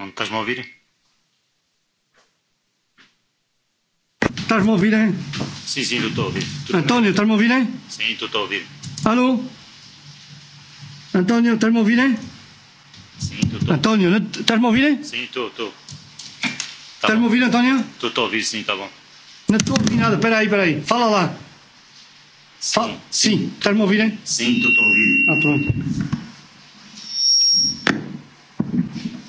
Não estás-me a ouvir? Estás-me a ouvir, hein? Sim, sim, estou a ouvir. Tudo António, estás-me a ouvir, hein? Sim, estou a ouvir. Alô? António, estás-me a ouvir, hein? Sim, estou. António, estás-me a ouvir, hein? Sim, estou, estou. Tá estás-me a ouvir, António? Estou a ouvir, sim, está bom. Não estou a ouvir nada, espera aí, espera aí. Fala lá. Sim, sim. sim. estás-me a ouvir, hein? Sim, estou a ouvir. Ah, pronto.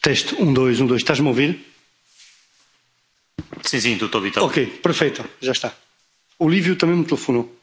Teste, um, dois, um, dois. Estás-me a ouvir? Sim, sim, estou a Ok, perfeito, já está. O Lívio também me telefonou.